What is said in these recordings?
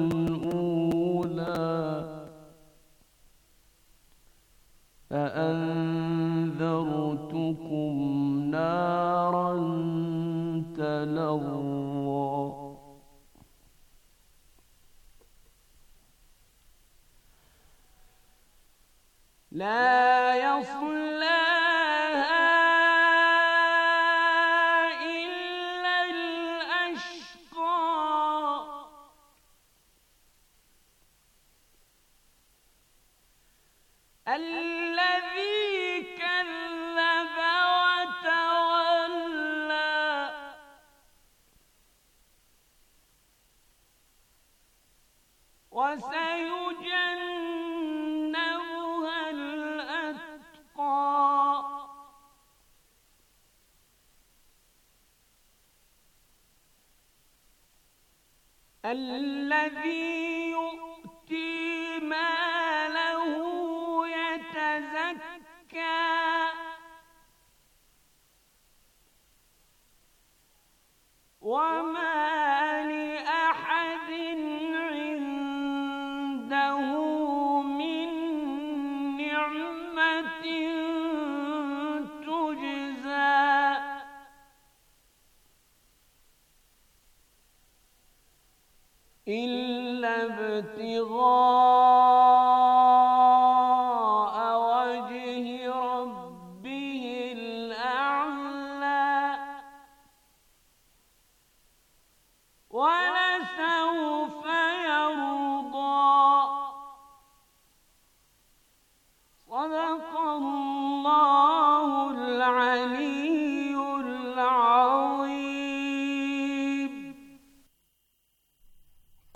أولئك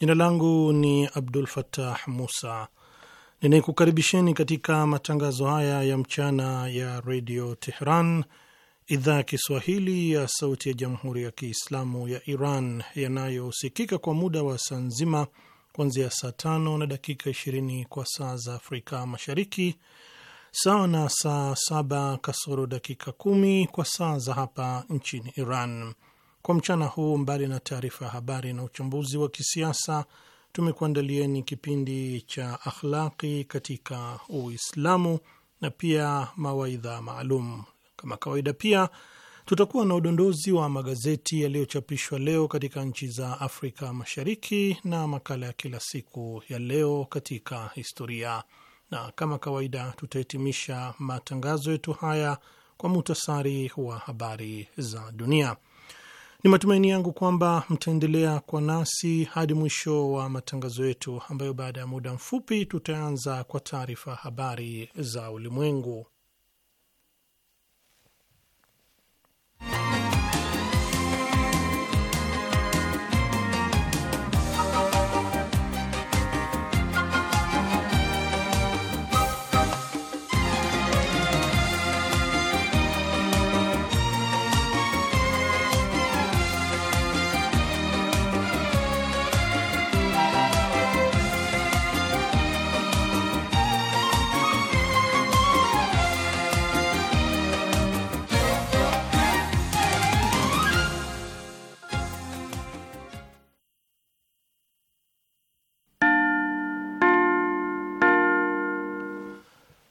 Jina langu ni Abdul fatah Musa, ninaikukaribisheni katika matangazo haya ya mchana ya Redio Tehran, idhaa ya Kiswahili ya sauti ya Jamhuri ya Kiislamu ya Iran, yanayosikika kwa muda wa saa nzima kuanzia saa tano na dakika ishirini kwa saa za Afrika Mashariki, sawa na saa saba kasoro dakika kumi kwa saa za hapa nchini Iran kwa mchana huu, mbali na taarifa ya habari na uchambuzi wa kisiasa, tumekuandalieni kipindi cha akhlaqi katika Uislamu na pia mawaidha maalum. Kama kawaida, pia tutakuwa na udondozi wa magazeti yaliyochapishwa leo katika nchi za Afrika Mashariki na makala ya kila siku ya leo katika historia, na kama kawaida tutahitimisha matangazo yetu haya kwa muhtasari wa habari za dunia. Ni matumaini yangu kwamba mtaendelea kwa nasi hadi mwisho wa matangazo yetu, ambayo baada ya muda mfupi tutaanza kwa taarifa habari za ulimwengu.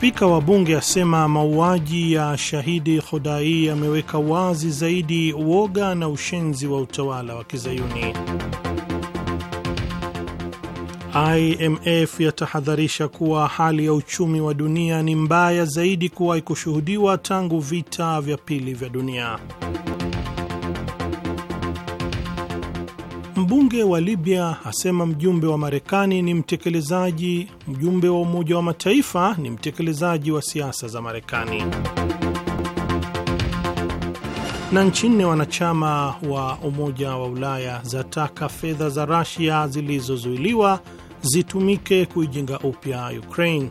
Spika wa bunge asema mauaji ya shahidi Khudai yameweka wazi zaidi uoga na ushenzi wa utawala wa Kizayuni. IMF yatahadharisha kuwa hali ya uchumi wa dunia ni mbaya zaidi kuwahi kushuhudiwa tangu vita vya pili vya dunia. Mbunge wa Libya asema mjumbe wa Marekani ni mtekelezaji, mjumbe wa Umoja wa Mataifa ni mtekelezaji wa siasa za Marekani. Na nchi nne wanachama wa Umoja wa Ulaya zataka fedha za rasia zilizozuiliwa zitumike kuijenga upya Ukraine.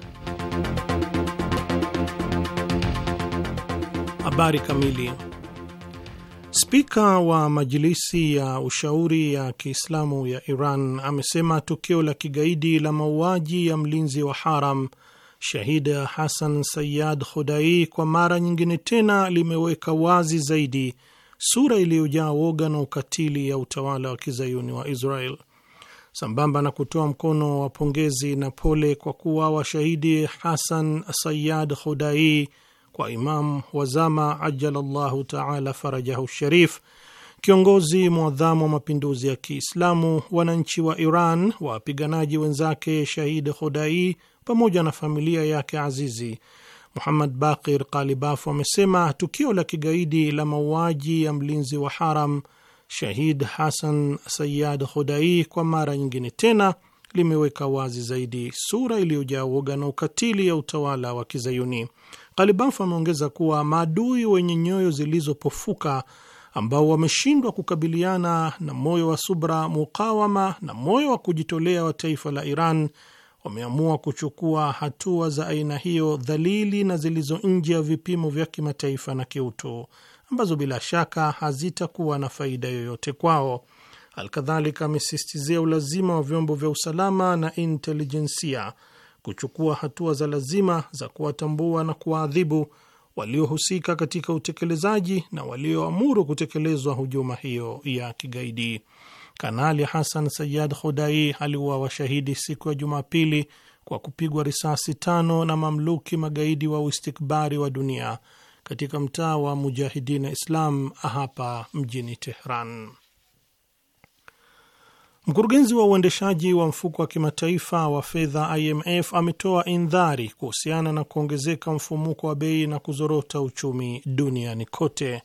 Habari kamili Spika wa Majilisi ya Ushauri ya Kiislamu ya Iran amesema tukio la kigaidi la mauaji ya mlinzi wa haram shahid Hasan Sayyad Khudai kwa mara nyingine tena limeweka wazi zaidi sura iliyojaa woga na ukatili ya utawala wa kizayuni wa Israel, sambamba na kutoa mkono wa pongezi na pole kwa kuwa washahidi Hasan Sayyad Khudai kwa Imam wazama ajalallahu taala farajahu sharif, kiongozi mwadhamu wa mapinduzi ya Kiislamu, wananchi wa Iran, wapiganaji wenzake shahid Khudai pamoja na familia yake azizi. Muhammad Bakir Kalibaf amesema tukio la kigaidi la mauaji ya mlinzi wa haram shahid Hasan Sayad Khudai kwa mara nyingine tena limeweka wazi zaidi sura iliyojaa woga na ukatili ya utawala wa Kizayuni. Ghalibaf ameongeza kuwa maadui wenye nyoyo zilizopofuka ambao wameshindwa kukabiliana na moyo wa subra, mukawama na moyo wa kujitolea wa taifa la Iran wameamua kuchukua hatua za aina hiyo dhalili na zilizo nje ya vipimo vya kimataifa na kiutu, ambazo bila shaka hazitakuwa na faida yoyote kwao. Alkadhalika amesistizia ulazima wa vyombo vya usalama na intelijensia kuchukua hatua za lazima za kuwatambua na kuwaadhibu waliohusika katika utekelezaji na walioamuru kutekelezwa hujuma hiyo ya kigaidi. Kanali Hasan Sayad Khudai aliuawa washahidi siku ya Jumapili kwa kupigwa risasi tano na mamluki magaidi wa uistikbari wa dunia katika mtaa wa Mujahidina Islam hapa mjini Tehran. Mkurugenzi wa uendeshaji wa mfuko wa kimataifa wa fedha IMF ametoa indhari kuhusiana na kuongezeka mfumuko wa bei na kuzorota uchumi duniani kote.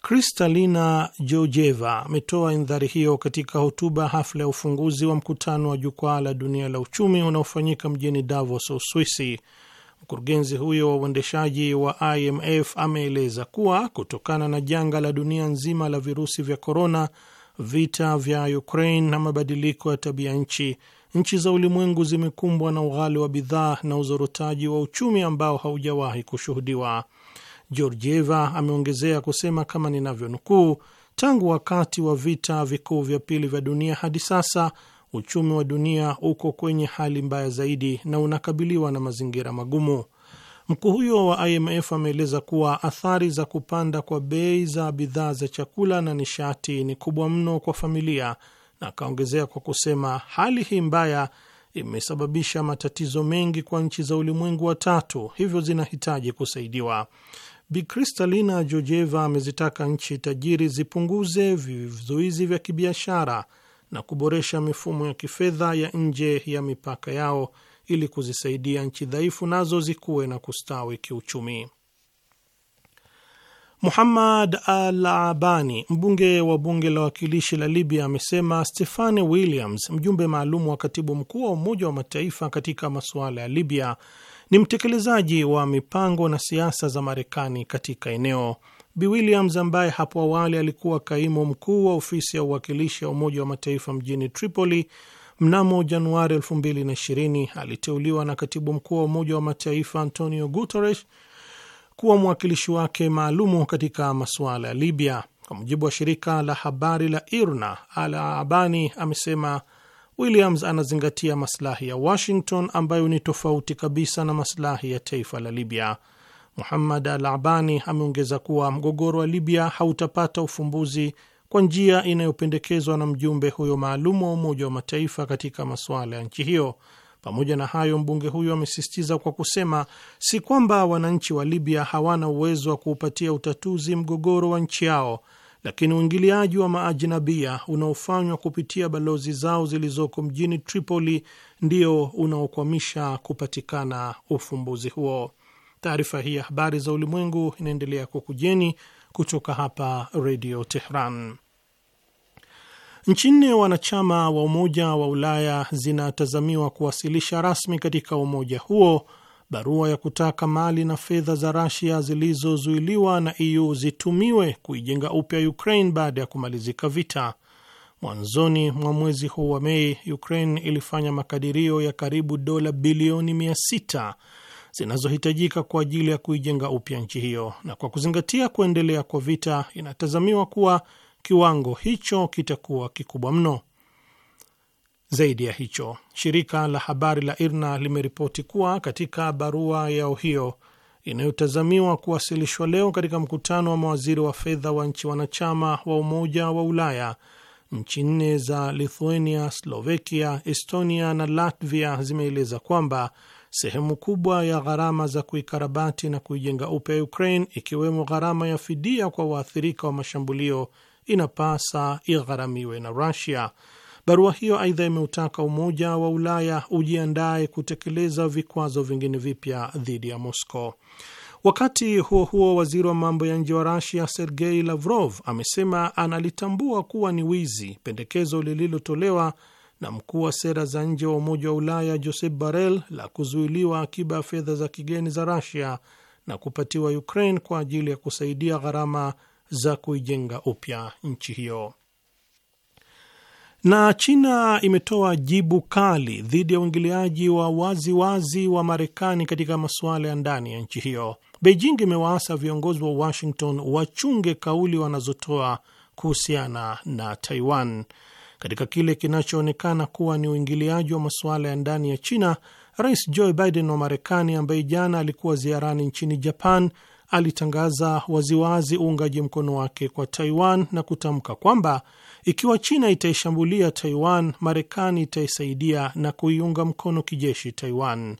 Kristalina Georgieva ametoa indhari hiyo katika hotuba hafla ya ufunguzi wa mkutano wa jukwaa la dunia la uchumi unaofanyika mjini Davos, Uswisi. Mkurugenzi huyo wa uendeshaji wa IMF ameeleza kuwa kutokana na janga la dunia nzima la virusi vya korona vita vya Ukraine na mabadiliko ya tabia nchi, nchi za ulimwengu zimekumbwa na ughali wa bidhaa na uzorotaji wa uchumi ambao haujawahi kushuhudiwa. Georgieva ameongezea kusema kama ninavyonukuu, tangu wakati wa vita vikuu vya pili vya dunia hadi sasa uchumi wa dunia uko kwenye hali mbaya zaidi na unakabiliwa na mazingira magumu. Mkuu huyo wa IMF ameeleza kuwa athari za kupanda kwa bei za bidhaa za chakula na nishati ni kubwa mno kwa familia, na akaongezea kwa kusema hali hii mbaya imesababisha matatizo mengi kwa nchi za ulimwengu wa tatu, hivyo zinahitaji kusaidiwa. Bi Kristalina Georgieva amezitaka nchi tajiri zipunguze vizuizi vya kibiashara na kuboresha mifumo ya kifedha ya nje ya mipaka yao ili kuzisaidia nchi dhaifu nazo zikuwe na kustawi kiuchumi. Muhammad Al Abani, mbunge wa bunge la wakilishi la Libya, amesema Stefani Williams, mjumbe maalum wa katibu mkuu wa Umoja wa Mataifa katika masuala ya Libya, ni mtekelezaji wa mipango na siasa za Marekani katika eneo. Bi Williams, ambaye hapo awali alikuwa kaimu mkuu wa ofisi ya uwakilishi ya Umoja wa Mataifa mjini Tripoli, Mnamo Januari 2020 aliteuliwa na katibu mkuu wa Umoja wa Mataifa Antonio Guterres kuwa mwakilishi wake maalumu katika masuala ya Libya. Kwa mujibu wa shirika la habari la IRNA, Al Abani amesema Williams anazingatia maslahi ya Washington ambayo ni tofauti kabisa na maslahi ya taifa la Libya. Muhammad Al Abani ameongeza kuwa mgogoro wa Libya hautapata ufumbuzi kwa njia inayopendekezwa na mjumbe huyo maalum wa Umoja wa Mataifa katika masuala ya nchi hiyo. Pamoja na hayo, mbunge huyo amesisitiza kwa kusema si kwamba wananchi wa Libya hawana uwezo wa kuupatia utatuzi mgogoro wa nchi yao, lakini uingiliaji wa maajinabia unaofanywa kupitia balozi zao zilizoko mjini Tripoli ndio unaokwamisha kupatikana ufumbuzi huo. Taarifa hii ya habari za ulimwengu inaendelea kukujeni kutoka hapa Redio Tehran. Nchi nne wanachama wa Umoja wa Ulaya zinatazamiwa kuwasilisha rasmi katika umoja huo barua ya kutaka mali na fedha za Rasia zilizozuiliwa na EU zitumiwe kuijenga upya Ukraine baada ya kumalizika vita. Mwanzoni mwa mwezi huu wa Mei, Ukraine ilifanya makadirio ya karibu dola bilioni 600 zinazohitajika kwa ajili ya kuijenga upya nchi hiyo, na kwa kuzingatia kuendelea kwa vita, inatazamiwa kuwa kiwango hicho kitakuwa kikubwa mno. Zaidi ya hicho, shirika la habari la IRNA limeripoti kuwa katika barua yao hiyo inayotazamiwa kuwasilishwa leo katika mkutano wa mawaziri wa fedha wa nchi wanachama wa Umoja wa Ulaya, nchi nne za Lithuania, Slovakia, Estonia na Latvia zimeeleza kwamba sehemu kubwa ya gharama za kuikarabati na kuijenga upya Ukraine, ikiwemo gharama ya fidia kwa waathirika wa mashambulio, inapasa igharamiwe na Rusia. Barua hiyo aidha imeutaka Umoja wa Ulaya ujiandaye kutekeleza vikwazo vingine vipya dhidi ya Moscow. Wakati huo huo, waziri wa mambo ya nje wa Rasia Sergei Lavrov amesema analitambua kuwa ni wizi pendekezo lililotolewa na mkuu wa sera za nje wa Umoja wa Ulaya Josep Borrell la kuzuiliwa akiba ya fedha za kigeni za rasia na kupatiwa Ukraine kwa ajili ya kusaidia gharama za kuijenga upya nchi hiyo. Na China imetoa jibu kali dhidi ya uingiliaji wa waziwazi wazi wa Marekani katika masuala ya ndani ya nchi hiyo. Beijing imewaasa viongozi wa Washington wachunge kauli wanazotoa kuhusiana na Taiwan katika kile kinachoonekana kuwa ni uingiliaji wa masuala ya ndani ya China, Rais Joe Biden wa Marekani, ambaye jana alikuwa ziarani nchini Japan, alitangaza waziwazi uungaji mkono wake kwa Taiwan na kutamka kwamba ikiwa China itaishambulia Taiwan, Marekani itaisaidia na kuiunga mkono kijeshi Taiwan.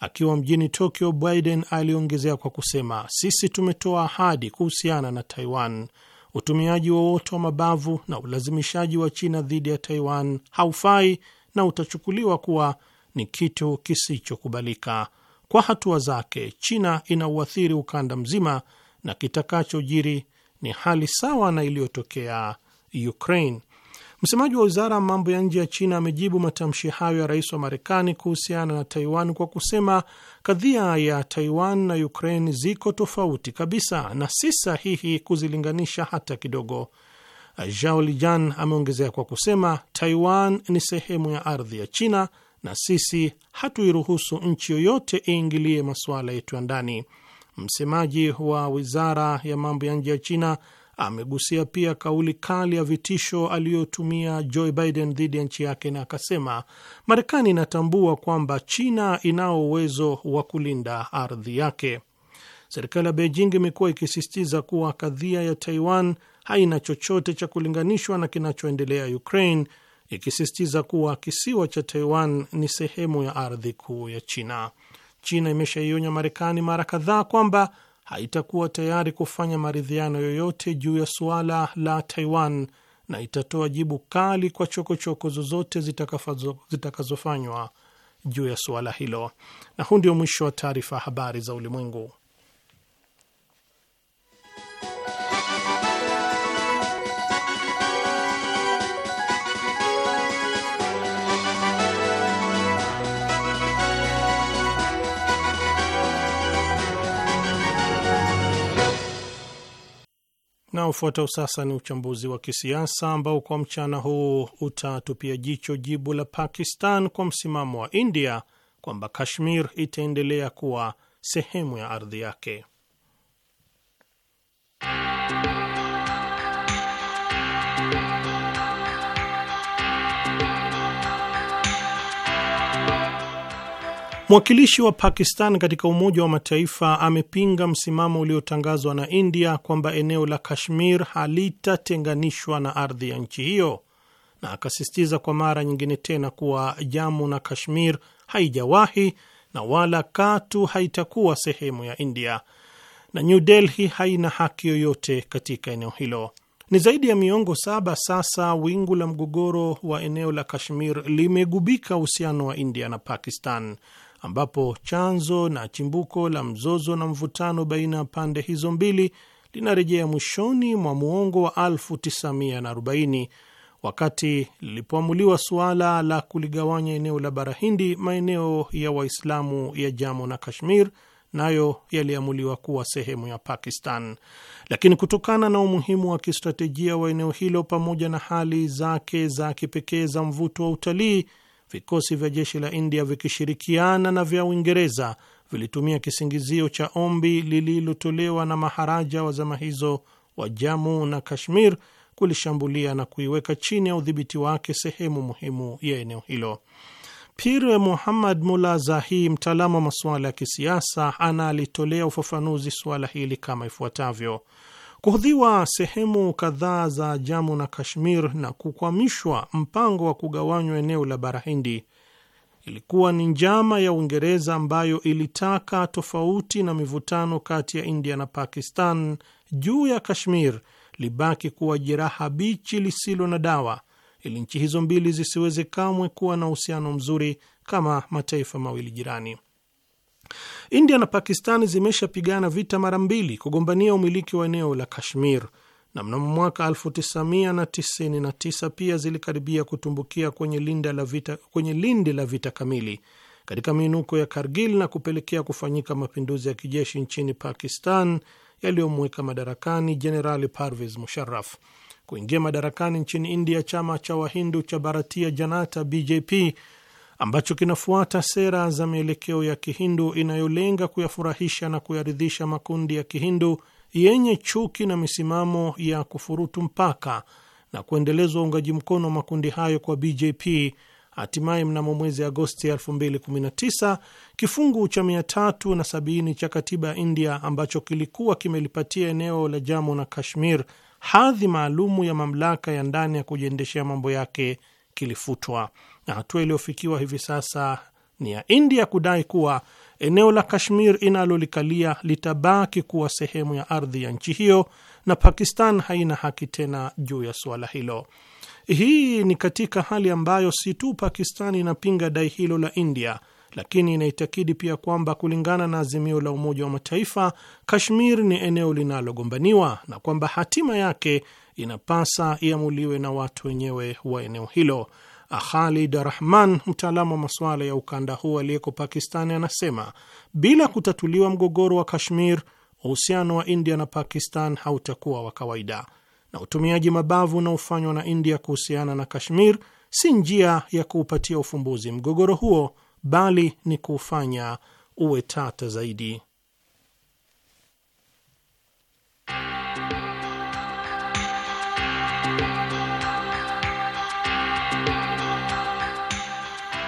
Akiwa mjini Tokyo, Biden aliongezea kwa kusema, sisi tumetoa ahadi kuhusiana na Taiwan utumiaji wowote wa mabavu na ulazimishaji wa China dhidi ya Taiwan haufai na utachukuliwa kuwa ni kitu kisichokubalika. Kwa hatua zake, China inauathiri ukanda mzima na kitakachojiri ni hali sawa na iliyotokea Ukraine. Msemaji wa wizara ya mambo ya nje ya China amejibu matamshi hayo ya rais wa Marekani kuhusiana na Taiwan kwa kusema kadhia ya Taiwan na Ukraine ziko tofauti kabisa na si sahihi kuzilinganisha hata kidogo. Zhao Lijian ameongezea kwa kusema Taiwan ni sehemu ya ardhi ya China na sisi hatuiruhusu nchi yoyote iingilie masuala yetu ya ndani. Msemaji wa wizara ya mambo ya nje ya China amegusia pia kauli kali ya vitisho aliyotumia Joe Biden dhidi ya nchi yake, na akasema Marekani inatambua kwamba China inao uwezo wa kulinda ardhi yake. Serikali ya Beijing imekuwa ikisisitiza kuwa kadhia ya Taiwan haina chochote cha kulinganishwa na kinachoendelea Ukraine, ikisisitiza kuwa kisiwa cha Taiwan ni sehemu ya ardhi kuu ya China. China imeshaionya Marekani mara kadhaa kwamba haitakuwa tayari kufanya maridhiano yoyote juu ya suala la Taiwan na itatoa jibu kali kwa chokochoko zozote zitakazofanywa juu ya suala hilo. Na huu ndio mwisho wa taarifa habari za ulimwengu. Na ufuatao sasa ni uchambuzi wa kisiasa ambao kwa mchana huu utatupia jicho jibu la Pakistan kwa msimamo wa India kwamba Kashmir itaendelea kuwa sehemu ya ardhi yake. Mwakilishi wa Pakistan katika Umoja wa Mataifa amepinga msimamo uliotangazwa na India kwamba eneo la Kashmir halitatenganishwa na ardhi ya nchi hiyo, na akasisitiza kwa mara nyingine tena kuwa Jamu na Kashmir haijawahi na wala katu haitakuwa sehemu ya India na New Delhi haina haki yoyote katika eneo hilo. Ni zaidi ya miongo saba sasa wingu la mgogoro wa eneo la Kashmir limegubika uhusiano wa India na Pakistan ambapo chanzo na chimbuko la mzozo na mvutano baina ya pande hizo mbili linarejea mwishoni mwa muongo wa 1940 wakati lilipoamuliwa suala la kuligawanya eneo la bara Hindi, maeneo ya Waislamu ya jamo na Kashmir nayo yaliamuliwa kuwa sehemu ya Pakistan. Lakini kutokana na umuhimu wa kistratejia wa eneo hilo pamoja na hali zake za kipekee za mvuto wa utalii vikosi vya jeshi la India vikishirikiana na vya Uingereza vilitumia kisingizio cha ombi lililotolewa na maharaja wa zama hizo wa Jamu na Kashmir kulishambulia na kuiweka chini ya udhibiti wake sehemu muhimu ya eneo hilo. Pir Muhammad Mula Zahi, mtaalamu wa masuala ya kisiasa, analitolea ufafanuzi suala hili kama ifuatavyo: kuhodhiwa sehemu kadhaa za Jamu na Kashmir na kukwamishwa mpango wa kugawanywa eneo la bara Hindi ilikuwa ni njama ya Uingereza ambayo ilitaka, tofauti na mivutano kati ya India na Pakistan juu ya Kashmir, libaki kuwa jeraha bichi lisilo na dawa, ili nchi hizo mbili zisiweze kamwe kuwa na uhusiano mzuri kama mataifa mawili jirani. India na Pakistani zimeshapigana vita mara mbili kugombania umiliki wa eneo la Kashmir na mnamo mwaka 1999 pia zilikaribia kutumbukia kwenye linda la vita, kwenye lindi la vita kamili katika miinuko ya Kargil na kupelekea kufanyika mapinduzi ya kijeshi nchini Pakistan yaliyomweka madarakani Jenerali Parvez Musharraf. Kuingia madarakani nchini India, chama cha Wahindu cha Bharatiya Janata BJP ambacho kinafuata sera za mielekeo ya Kihindu inayolenga kuyafurahisha na kuyaridhisha makundi ya Kihindu yenye chuki na misimamo ya kufurutu mpaka na kuendelezwa uungaji mkono wa makundi hayo kwa BJP. Hatimaye mnamo mwezi Agosti 2019 kifungu cha 370 cha katiba ya India ambacho kilikuwa kimelipatia eneo la Jammu na Kashmir hadhi maalumu ya mamlaka ya ndani ya kujiendeshea mambo yake kilifutwa na hatua iliyofikiwa hivi sasa ni ya India kudai kuwa eneo la Kashmir inalolikalia litabaki kuwa sehemu ya ardhi ya nchi hiyo na Pakistan haina haki tena juu ya suala hilo. Hii ni katika hali ambayo si tu Pakistan inapinga dai hilo la India, lakini inaitakidi pia kwamba kulingana na azimio la Umoja wa Mataifa, Kashmir ni eneo linalogombaniwa na kwamba hatima yake inapasa iamuliwe na watu wenyewe wa eneo hilo. Khalid Rahman, mtaalamu wa masuala ya ukanda huu aliyeko Pakistani, anasema bila kutatuliwa mgogoro wa Kashmir, uhusiano wa India na Pakistan hautakuwa wa kawaida, na utumiaji mabavu unaofanywa na India kuhusiana na Kashmir si njia ya kuupatia ufumbuzi mgogoro huo, bali ni kuufanya uwe tata zaidi.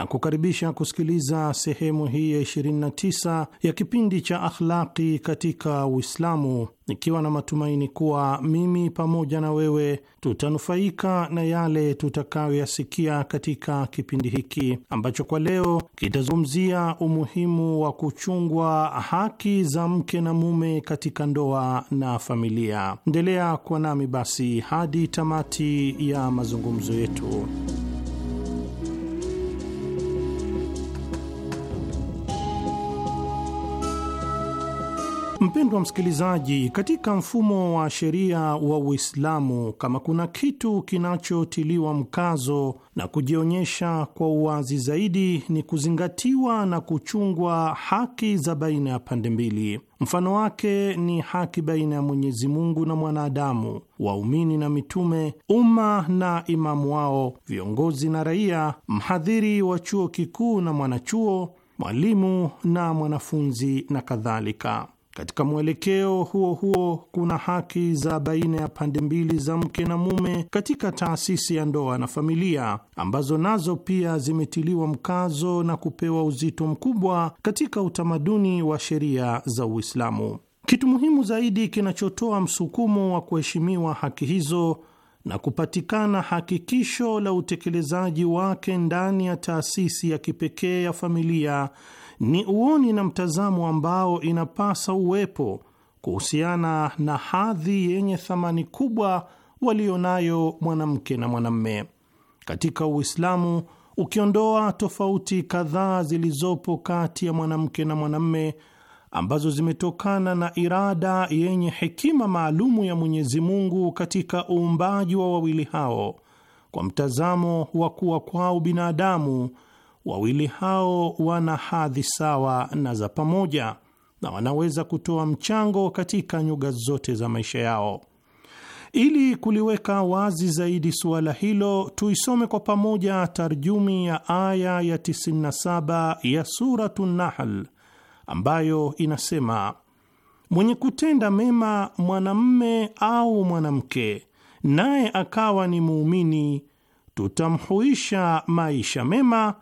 na kukaribisha kusikiliza sehemu hii ya 29 ya kipindi cha Akhlaqi katika Uislamu, nikiwa na matumaini kuwa mimi pamoja na wewe tutanufaika na yale tutakayoyasikia katika kipindi hiki ambacho kwa leo kitazungumzia umuhimu wa kuchungwa haki za mke na mume katika ndoa na familia. Endelea kuwa nami basi hadi tamati ya mazungumzo yetu. Mpendwa msikilizaji, katika mfumo wa sheria wa Uislamu, kama kuna kitu kinachotiliwa mkazo na kujionyesha kwa uwazi zaidi, ni kuzingatiwa na kuchungwa haki za baina ya pande mbili. Mfano wake ni haki baina ya Mwenyezi Mungu na mwanadamu, waumini na mitume, umma na imamu wao, viongozi na raia, mhadhiri wa chuo kikuu na mwanachuo, mwalimu na mwanafunzi na kadhalika. Katika mwelekeo huo huo, kuna haki za baina ya pande mbili za mke na mume katika taasisi ya ndoa na familia ambazo nazo pia zimetiliwa mkazo na kupewa uzito mkubwa katika utamaduni wa sheria za Uislamu. Kitu muhimu zaidi kinachotoa msukumo wa kuheshimiwa haki hizo na kupatikana hakikisho la utekelezaji wake ndani ya taasisi ya kipekee ya familia ni uoni na mtazamo ambao inapasa uwepo kuhusiana na hadhi yenye thamani kubwa walionayo mwanamke na mwanamme katika Uislamu. Ukiondoa tofauti kadhaa zilizopo kati ya mwanamke na mwanamme ambazo zimetokana na irada yenye hekima maalumu ya Mwenyezi Mungu katika uumbaji wa wawili hao kwa mtazamo wa kuwa kwao binadamu wawili hao wana hadhi sawa na za pamoja na wanaweza kutoa mchango katika nyuga zote za maisha yao. Ili kuliweka wazi zaidi suala hilo, tuisome kwa pamoja tarjumi ya aya ya 97 ya Suratu Nahl ambayo inasema: mwenye kutenda mema mwanamme au mwanamke, naye akawa ni muumini, tutamhuisha maisha mema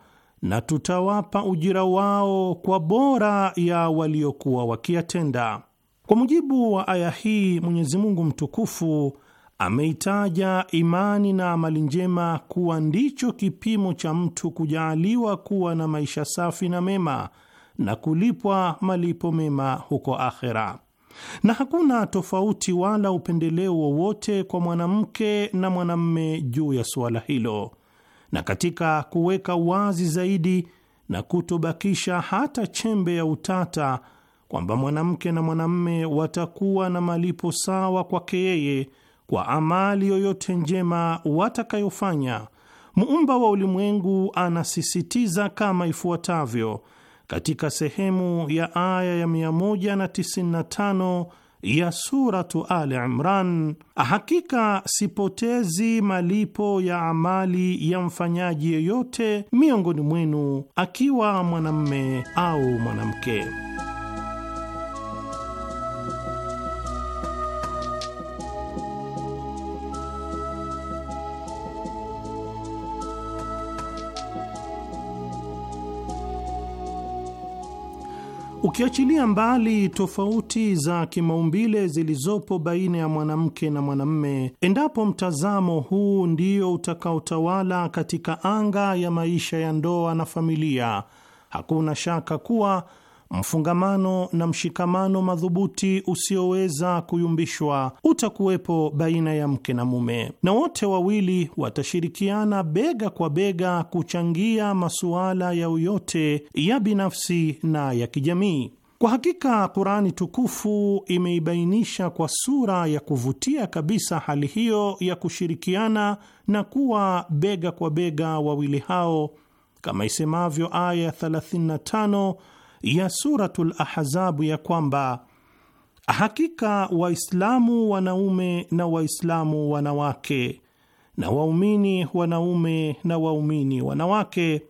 na tutawapa ujira wao kwa bora ya waliokuwa wakiyatenda. Kwa mujibu wa aya hii, Mwenyezi Mungu mtukufu ameitaja imani na amali njema kuwa ndicho kipimo cha mtu kujaaliwa kuwa na maisha safi na mema na kulipwa malipo mema huko akhera, na hakuna tofauti wala upendeleo wowote kwa mwanamke na mwanamme juu ya suala hilo na katika kuweka wazi zaidi na kutobakisha hata chembe ya utata kwamba mwanamke na mwanamme watakuwa na malipo sawa kwake yeye kwa amali yoyote njema watakayofanya. Muumba wa ulimwengu anasisitiza kama ifuatavyo katika sehemu ya aya ya 195 ya Suratu Ali Imran, hakika sipotezi malipo ya amali ya mfanyaji yeyote miongoni mwenu, akiwa mwanamme au mwanamke. Ukiachilia mbali tofauti za kimaumbile zilizopo baina ya mwanamke na mwanamme, endapo mtazamo huu ndio utakaotawala katika anga ya maisha ya ndoa na familia, hakuna shaka kuwa mfungamano na mshikamano madhubuti usioweza kuyumbishwa utakuwepo baina ya mke na mume, na wote wawili watashirikiana bega kwa bega kuchangia masuala ya uyote ya binafsi na ya kijamii. Kwa hakika Kurani tukufu imeibainisha kwa sura ya kuvutia kabisa hali hiyo ya kushirikiana na kuwa bega kwa bega wawili hao, kama isemavyo aya 35 ya Suratul Ahzabu ya kwamba hakika Waislamu wanaume na Waislamu wanawake na waumini wanaume na waumini wanawake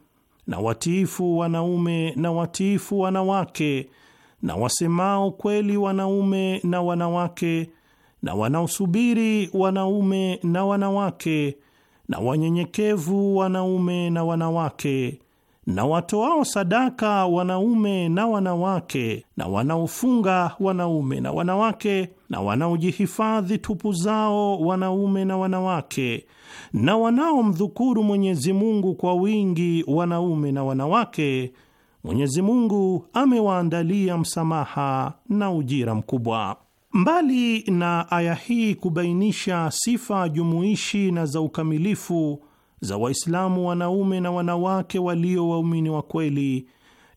na watiifu wanaume na watiifu wanawake na wasemao kweli wanaume na wanawake na wanaosubiri wanaume na wanawake na wanyenyekevu wanaume na wanawake na watoao sadaka wanaume na wanawake, na wanaofunga wanaume na wanawake, na wanaojihifadhi tupu zao wanaume na wanawake, na wanaomdhukuru Mwenyezi Mungu kwa wingi wanaume na wanawake, Mwenyezi Mungu amewaandalia msamaha na ujira mkubwa. Mbali na aya hii kubainisha sifa jumuishi na za ukamilifu za Waislamu wanaume na wanawake walio waumini wa kweli,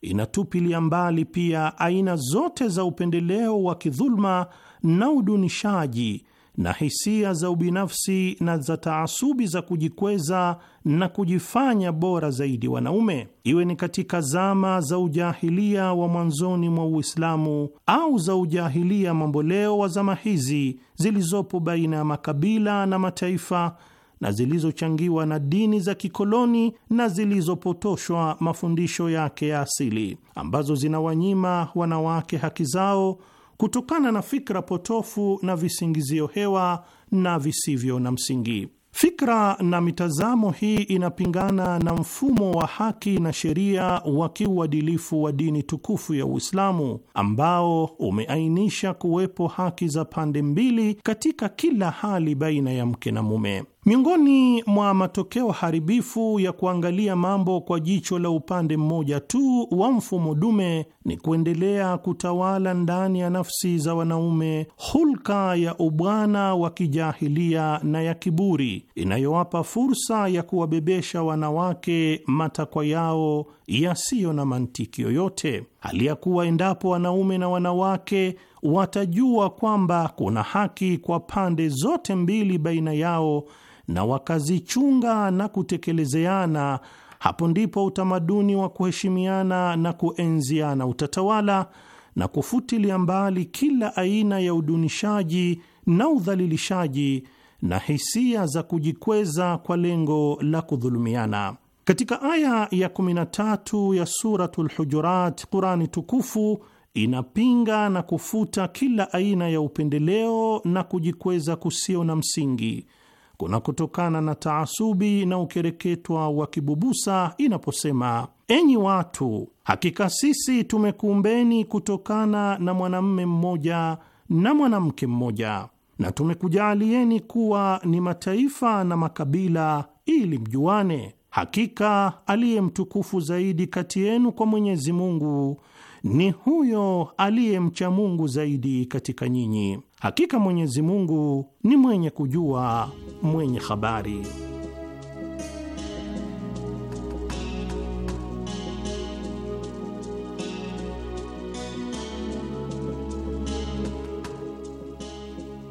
inatupilia mbali pia aina zote za upendeleo wa kidhuluma na udunishaji na hisia za ubinafsi na za taasubi za kujikweza na kujifanya bora zaidi wanaume, iwe ni katika zama za ujahilia wa mwanzoni mwa Uislamu au za ujahilia mamboleo wa zama hizi zilizopo baina ya makabila na mataifa na zilizochangiwa na dini za kikoloni na zilizopotoshwa mafundisho yake ya asili, ambazo zinawanyima wanawake haki zao kutokana na fikra potofu na visingizio hewa na visivyo na msingi. Fikra na mitazamo hii inapingana na mfumo wa haki na sheria wa kiuadilifu wa dini tukufu ya Uislamu ambao umeainisha kuwepo haki za pande mbili katika kila hali baina ya mke na mume. Miongoni mwa matokeo haribifu ya kuangalia mambo kwa jicho la upande mmoja tu wa mfumo dume ni kuendelea kutawala ndani ya nafsi za wanaume hulka ya ubwana wa kijahilia na ya kiburi inayowapa fursa ya kuwabebesha wanawake matakwa yao yasiyo na mantiki yoyote, hali ya kuwa endapo wanaume na wanawake watajua kwamba kuna haki kwa pande zote mbili baina yao na wakazichunga na kutekelezeana, hapo ndipo utamaduni wa kuheshimiana na kuenziana utatawala na kufutilia mbali kila aina ya udunishaji na udhalilishaji na hisia za kujikweza kwa lengo la kudhulumiana. Katika aya ya 13 ya Suratul Hujurat, Qurani tukufu inapinga na kufuta kila aina ya upendeleo na kujikweza kusio na msingi kuna kutokana na taasubi na ukereketwa wa kibubusa inaposema, enyi watu, hakika sisi tumekuumbeni kutokana na mwanamme mmoja na mwanamke mmoja na tumekujaalieni kuwa ni mataifa na makabila ili mjuane. Hakika aliye mtukufu zaidi kati yenu kwa Mwenyezi Mungu ni huyo aliyemcha Mungu zaidi katika nyinyi. Hakika Mwenyezi Mungu ni mwenye kujua, mwenye habari.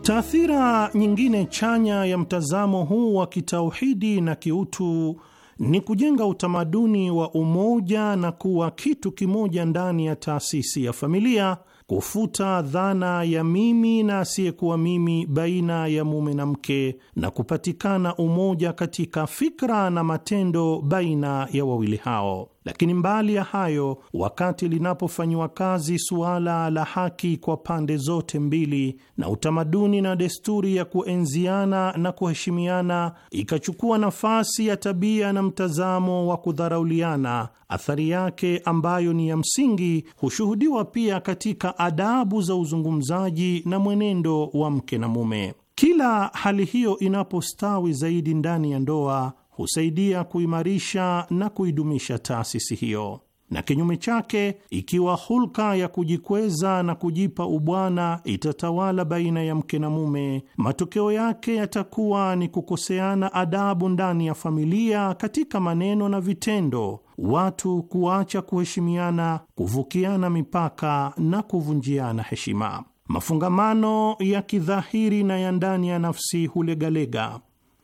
Taathira nyingine chanya ya mtazamo huu wa kitauhidi na kiutu ni kujenga utamaduni wa umoja na kuwa kitu kimoja ndani ya taasisi ya familia kufuta dhana ya mimi na asiyekuwa mimi baina ya mume na mke na kupatikana umoja katika fikra na matendo baina ya wawili hao. Lakini mbali ya hayo, wakati linapofanyiwa kazi suala la haki kwa pande zote mbili, na utamaduni na desturi ya kuenziana na kuheshimiana ikachukua nafasi ya tabia na mtazamo wa kudharauliana, athari yake ambayo ni ya msingi hushuhudiwa pia katika adabu za uzungumzaji na mwenendo wa mke na mume. Kila hali hiyo inapostawi zaidi ndani ya ndoa husaidia kuimarisha na kuidumisha taasisi hiyo, na kinyume chake, ikiwa hulka ya kujikweza na kujipa ubwana itatawala baina ya mke na mume, matokeo yake yatakuwa ni kukoseana adabu ndani ya familia, katika maneno na vitendo, watu kuacha kuheshimiana, kuvukiana mipaka na kuvunjiana heshima. Mafungamano ya kidhahiri na ya ndani ya nafsi hulegalega,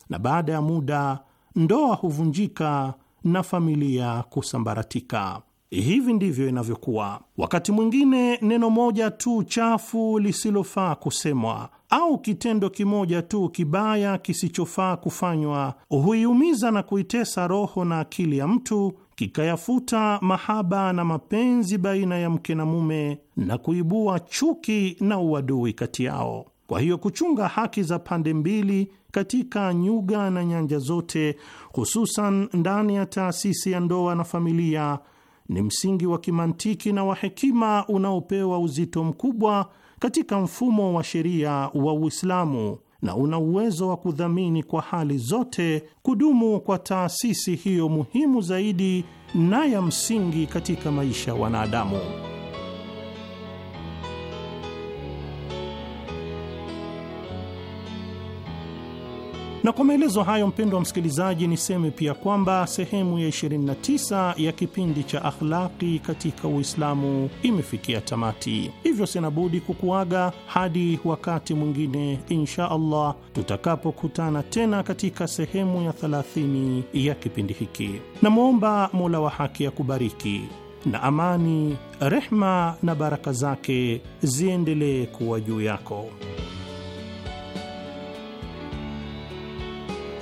na baada ya muda ndoa huvunjika na familia kusambaratika. Hivi ndivyo inavyokuwa. Wakati mwingine neno moja tu chafu lisilofaa kusemwa au kitendo kimoja tu kibaya kisichofaa kufanywa huiumiza na kuitesa roho na akili ya mtu, kikayafuta mahaba na mapenzi baina ya mke na mume na kuibua chuki na uadui kati yao. Kwa hiyo kuchunga haki za pande mbili katika nyuga na nyanja zote, hususan ndani ya taasisi ya ndoa na familia, ni msingi wa kimantiki na wa hekima unaopewa uzito mkubwa katika mfumo wa sheria wa Uislamu na una uwezo wa kudhamini kwa hali zote kudumu kwa taasisi hiyo muhimu zaidi na ya msingi katika maisha ya wanadamu. Na kwa maelezo hayo, mpendo wa msikilizaji, niseme pia kwamba sehemu ya 29 ya kipindi cha Akhlaqi katika Uislamu imefikia tamati, hivyo sina budi kukuaga hadi wakati mwingine insha Allah tutakapokutana tena katika sehemu ya 30 ya kipindi hiki. Namwomba Mola wa haki akubariki na amani, rehma na baraka zake ziendelee kuwa juu yako.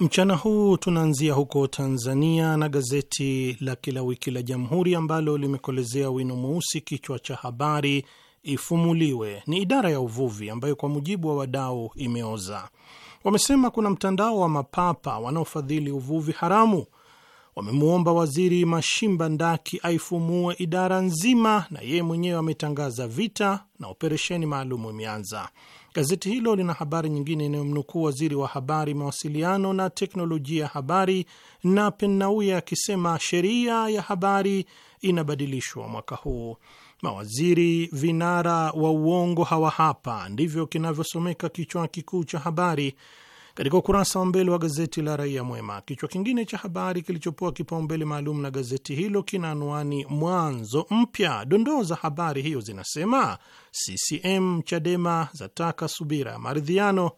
Mchana huu tunaanzia huko Tanzania na gazeti la kila wiki la Jamhuri ambalo limekolezea wino mweusi kichwa cha habari ifumuliwe ni idara ya uvuvi ambayo kwa mujibu wa wadau imeoza. Wamesema kuna mtandao wa mapapa wanaofadhili uvuvi haramu. Wamemwomba Waziri Mashimba Ndaki aifumue idara nzima, na yeye mwenyewe ametangaza vita na operesheni maalumu imeanza. Gazeti hilo lina habari nyingine inayomnukuu waziri wa habari, mawasiliano na teknolojia ya habari na Nnauye akisema sheria ya habari inabadilishwa mwaka huu. Mawaziri vinara wa uongo hawa hapa, ndivyo kinavyosomeka kichwa kikuu cha habari katika ukurasa wa mbele wa gazeti la Raia Mwema, kichwa kingine cha habari kilichopewa kipaumbele maalum na gazeti hilo kina anwani mwanzo mpya. Dondoo za habari hiyo zinasema CCM Chadema zataka subira ya maridhiano,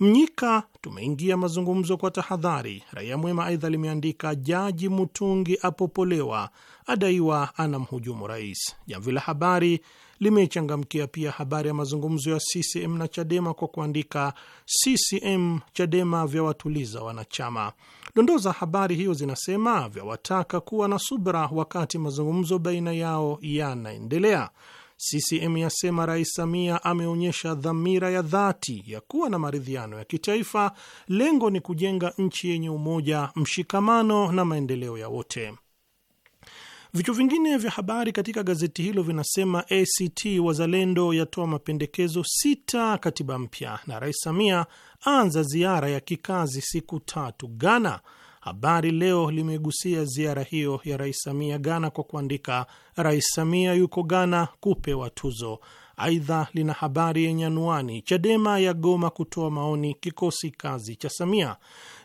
Mnyika tumeingia mazungumzo kwa tahadhari. Raia Mwema aidha limeandika Jaji Mutungi apopolewa, adaiwa anamhujumu rais. Jamvi la Habari limechangamkia pia habari ya mazungumzo ya CCM na Chadema kwa kuandika CCM Chadema vya watuliza wanachama. Dondoo za habari hiyo zinasema vyawataka kuwa na subra wakati mazungumzo baina yao yanaendelea. CCM yasema Rais Samia ameonyesha dhamira ya dhati ya kuwa na maridhiano ya kitaifa, lengo ni kujenga nchi yenye umoja, mshikamano na maendeleo ya wote. Vichwa vingine vya habari katika gazeti hilo vinasema ACT Wazalendo yatoa mapendekezo sita katiba mpya, na Rais Samia aanza ziara ya kikazi siku tatu Ghana. Habari Leo limegusia ziara hiyo ya Rais Samia Ghana kwa kuandika, Rais Samia yuko Ghana kupewa tuzo. Aidha, lina habari yenye anwani Chadema ya goma kutoa maoni kikosi kazi cha Samia.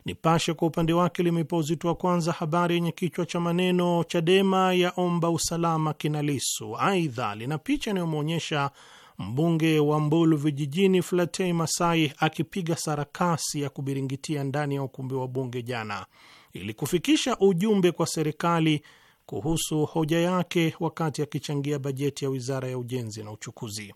Nipashe kwa upande wake limeipa uzito wa kwanza habari yenye kichwa cha maneno Chadema ya omba usalama kinalisu Aidha, lina picha inayomwonyesha mbunge wa Mbulu vijijini Flatei Masai akipiga sarakasi ya kubiringitia ndani ya ukumbi wa bunge jana ili kufikisha ujumbe kwa serikali kuhusu hoja yake wakati akichangia bajeti ya wizara ya ujenzi na uchukuzi.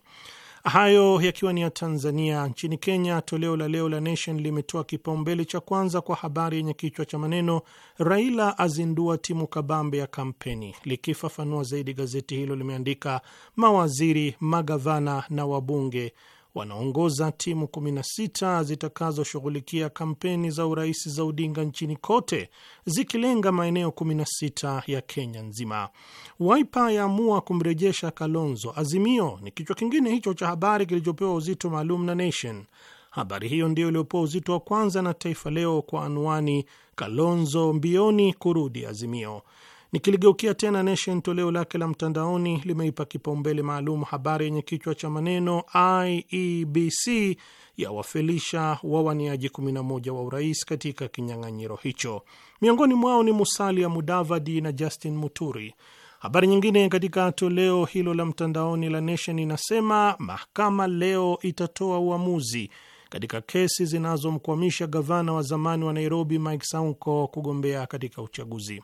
Hayo yakiwa ni ya Tanzania. Nchini Kenya, toleo la leo la Nation limetoa kipaumbele cha kwanza kwa habari yenye kichwa cha maneno Raila azindua timu kabambe ya kampeni. Likifafanua zaidi, gazeti hilo limeandika mawaziri, magavana na wabunge wanaongoza timu 16 zitakazoshughulikia kampeni za urais za Odinga nchini kote zikilenga maeneo 16 ya Kenya nzima. Waipa yaamua kumrejesha Kalonzo. Azimio ni kichwa kingine hicho cha habari kilichopewa uzito maalum na Nation. Habari hiyo ndiyo iliyopewa uzito wa kwanza na Taifa Leo kwa anwani Kalonzo mbioni kurudi Azimio. Nikiligeukia tena Nation toleo lake la mtandaoni limeipa kipaumbele maalum habari yenye kichwa cha maneno IEBC ya wafelisha wawaniaji 11 wa urais katika kinyang'anyiro hicho. Miongoni mwao ni Musalia Mudavadi na Justin Muturi. Habari nyingine katika toleo hilo la mtandaoni la Nation inasema mahakama leo itatoa uamuzi katika kesi zinazomkwamisha gavana wa zamani wa Nairobi Mike Sonko kugombea katika uchaguzi.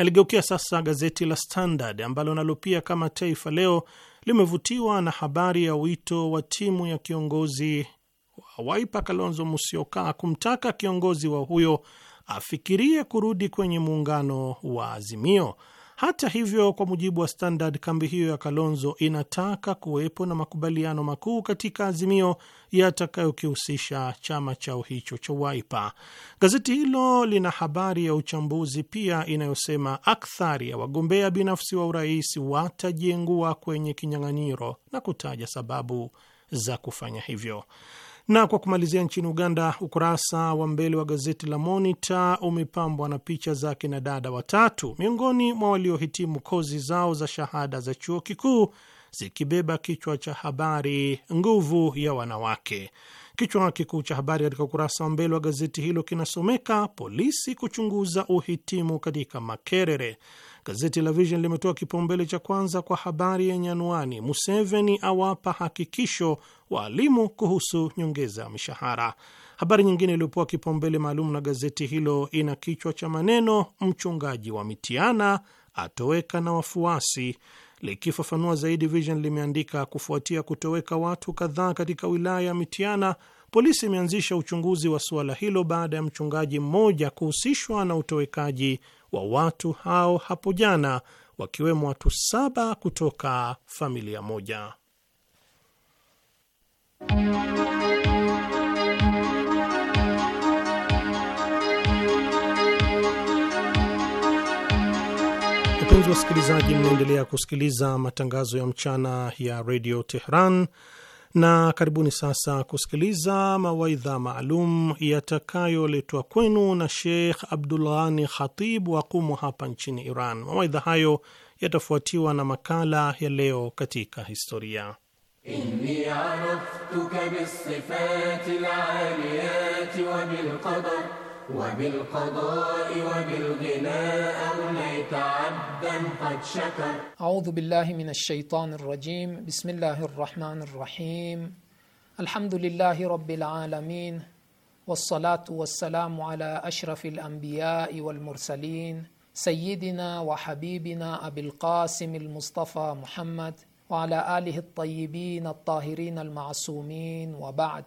Naligeukia sasa gazeti la Standard ambalo nalo pia kama Taifa Leo limevutiwa na habari ya wito wa timu ya kiongozi wa Waipa Kalonzo Musyoka kumtaka kiongozi wa huyo afikirie kurudi kwenye muungano wa Azimio. Hata hivyo, kwa mujibu wa Standard, kambi hiyo ya Kalonzo inataka kuwepo na makubaliano makuu katika azimio yatakayokihusisha chama chao hicho cha Waipa. Gazeti hilo lina habari ya uchambuzi pia inayosema akthari ya wagombea binafsi wa urais watajengua kwenye kinyang'anyiro na kutaja sababu za kufanya hivyo. Na kwa kumalizia, nchini Uganda, ukurasa wa mbele wa gazeti la monita umepambwa na picha za kina dada watatu miongoni mwa waliohitimu kozi zao za shahada za chuo kikuu zikibeba kichwa cha habari nguvu ya wanawake. Kichwa kikuu cha habari katika ukurasa wa mbele wa gazeti hilo kinasomeka polisi kuchunguza uhitimu katika Makerere. Gazeti la Vision limetoa kipaumbele cha kwanza kwa habari yenye anwani Museveni awapa hakikisho waalimu kuhusu nyongeza ya mishahara. Habari nyingine iliyopewa kipaumbele maalum na gazeti hilo ina kichwa cha maneno mchungaji wa Mitiana atoweka na wafuasi. Likifafanua zaidi, Vision limeandika kufuatia kutoweka watu kadhaa katika wilaya ya Mitiana, polisi imeanzisha uchunguzi wa suala hilo baada ya mchungaji mmoja kuhusishwa na utowekaji wa watu hao hapo jana, wakiwemo watu saba kutoka familia moja. Wapenzi wasikilizaji, mnaendelea kusikiliza matangazo ya mchana ya redio Tehran, na karibuni sasa kusikiliza mawaidha maalum yatakayoletwa kwenu na Sheikh Abdulghani Khatib wa hapa nchini Iran. Mawaidha hayo yatafuatiwa na makala ya leo katika historia. Inni araftuka bisifati wa bilqadar وبالقضاء وبالغناء أغنيت عبدا قد شكر أعوذ بالله من الشيطان الرجيم بسم الله الرحمن الرحيم الحمد لله رب العالمين والصلاة والسلام على أشرف الأنبياء والمرسلين سيدنا وحبيبنا أبي القاسم المصطفى محمد وعلى آله الطيبين الطاهرين المعصومين وبعد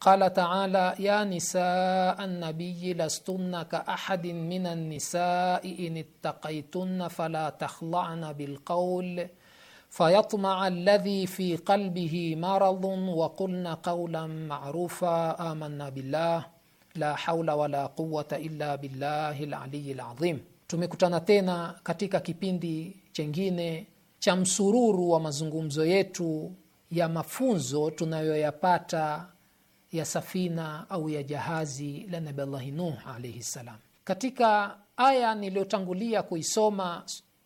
قال تعالى يا نساء النبي لستن كأحد من النساء إن اتقيتن فلا تخلعن بالقول فيطمع الذي في قلبه مرض وقلن قولا معروفا آمنا بالله la haula wala quwata illa billahi laliyi lazim. Tumekutana tena katika kipindi chengine cha msururu wa mazungumzo yetu ya mafunzo tunayoyapata ya safina au ya jahazi la nabi Allahi Nuh alaihi ssalam. Katika aya niliyotangulia kuisoma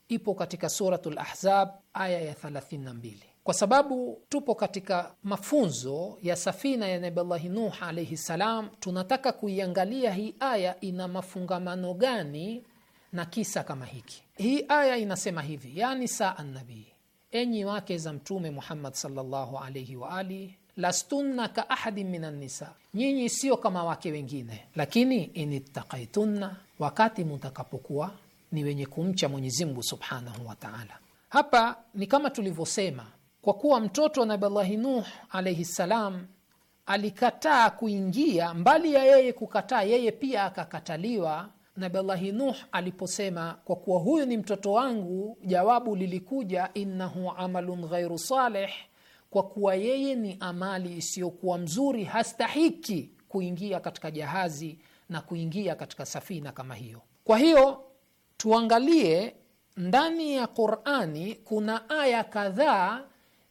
ipo katika Suratul Ahzab aya ya 32, kwa sababu tupo katika mafunzo ya safina ya nabi Allahi Nuh alaihi ssalam. Tunataka kuiangalia hii aya ina mafungamano gani na kisa kama hiki. Hii aya inasema hivi: yani saa nabii, enyi wake za Mtume Muhammad sallallahu alaihi wa alihi lastunna ka ahadin min annisa, nyinyi sio kama wake wengine, lakini inittaqaitunna, wakati mutakapokuwa ni wenye kumcha Mwenyezi Mungu subhanahu wa taala. Hapa ni kama tulivyosema, kwa kuwa mtoto wa Nabillahi Nuh alaihi ssalam alikataa kuingia, mbali ya yeye kukataa, yeye pia akakataliwa. Nabillahi Nuh aliposema kwa kuwa huyu ni mtoto wangu, jawabu lilikuja innahu amalun ghairu salih kwa kuwa yeye ni amali isiyokuwa mzuri, hastahiki kuingia katika jahazi na kuingia katika safina kama hiyo. Kwa hiyo tuangalie ndani ya Qurani kuna aya kadhaa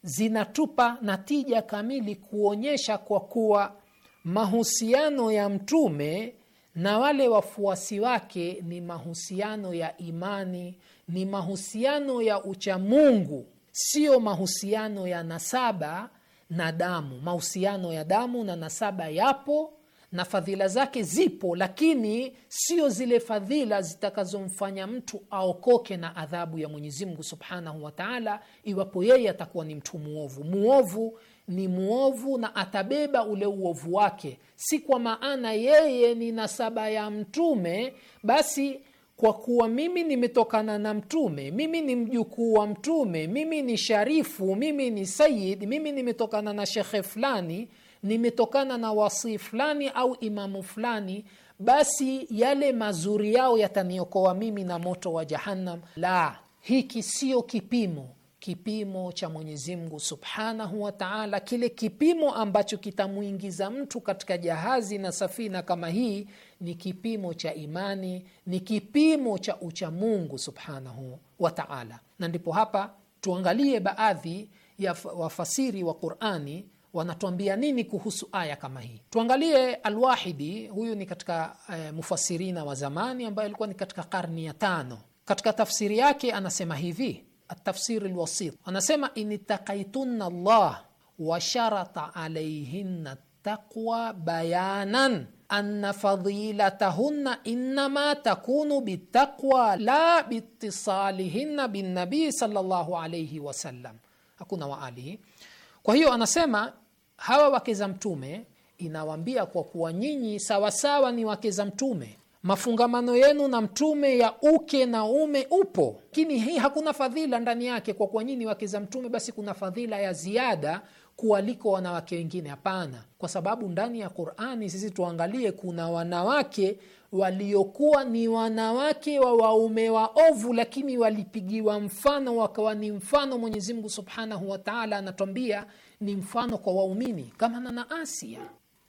zinatupa natija kamili kuonyesha kwa kuwa mahusiano ya mtume na wale wafuasi wake ni mahusiano ya imani, ni mahusiano ya uchamungu sio mahusiano ya nasaba na damu. Mahusiano ya damu na nasaba yapo na fadhila zake zipo, lakini sio zile fadhila zitakazomfanya mtu aokoke na adhabu ya Mwenyezi Mungu subhanahu wa taala, iwapo yeye atakuwa ni mtu muovu. Muovu ni muovu na atabeba ule uovu wake, si kwa maana yeye ni nasaba ya mtume basi kwa kuwa mimi nimetokana na mtume, mimi ni mjukuu wa mtume, mimi ni sharifu, mimi ni sayid, mimi nimetokana na shekhe fulani, nimetokana na wasii fulani au imamu fulani, basi yale mazuri yao yataniokoa mimi na moto wa Jahannam. La, hiki siyo kipimo. Kipimo cha Mwenyezi Mungu subhanahu wa taala, kile kipimo ambacho kitamwingiza mtu katika jahazi na safina kama hii ni kipimo cha imani, ni kipimo cha uchamungu subhanahu wa taala. Na ndipo hapa tuangalie baadhi ya wafasiri wa Qurani wanatuambia nini kuhusu aya kama hii. Tuangalie Alwahidi, huyu ni katika e, mufasirina wa zamani ambaye alikuwa ni katika karni ya tano. Katika tafsiri yake anasema hivi, atafsiri lwasit, anasema initakaitunna llah washarata alaihinna taqwa bayanan anna fadilatahunna innama takunu bitakwa la bittisalihinna binnabii sallallahu alayhi wasallam, hakuna waalihi. Kwa hiyo anasema hawa wake za Mtume inawaambia kwa kuwa nyinyi sawasawa ni wake za Mtume, mafungamano yenu na Mtume ya uke na ume upo, lakini hii hakuna fadhila ndani yake. Kwa kuwa nyinyi wake za Mtume, basi kuna fadhila ya ziada kualiko wanawake wengine. Hapana, kwa sababu ndani ya Qur'ani sisi tuangalie, kuna wanawake waliokuwa ni wanawake wa waume waovu, lakini walipigiwa mfano wakawa ni mfano. Mwenyezi Mungu Subhanahu wa Ta'ala anatwambia ni mfano kwa waumini kama na Asia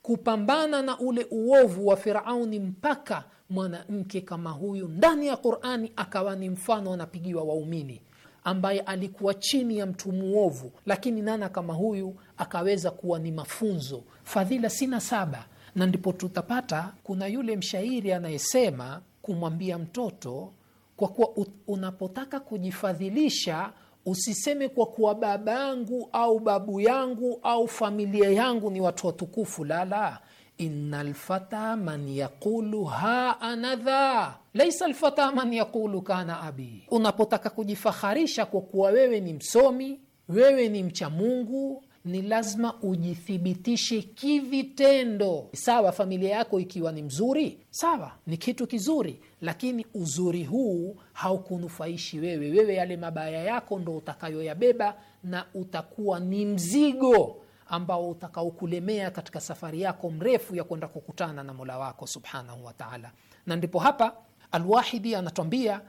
kupambana na ule uovu wa Firauni mpaka mwanamke kama huyu ndani ya Qur'ani akawa ni mfano, anapigiwa waumini ambaye alikuwa chini ya mtu mwovu, lakini nana kama huyu akaweza kuwa ni mafunzo. Fadhila sina saba, na ndipo tutapata kuna yule mshairi anayesema kumwambia mtoto, kwa kuwa unapotaka kujifadhilisha usiseme kwa kuwa baba yangu au babu yangu au familia yangu ni watu watukufu. La, la, inna lfata man yaqulu ha anadha laisa lfata man yaqulu kana abi. Unapotaka kujifaharisha kwa kuwa wewe ni msomi, wewe ni mcha Mungu, ni lazima ujithibitishe kivitendo. Sawa, familia yako ikiwa ni mzuri, sawa, ni kitu kizuri, lakini uzuri huu haukunufaishi wewe. Wewe yale mabaya yako ndo utakayoyabeba na utakuwa ni mzigo ambao utakaokulemea katika safari yako mrefu ya kwenda kukutana na mola wako subhanahu wataala. Na ndipo hapa Alwahidi anatwambia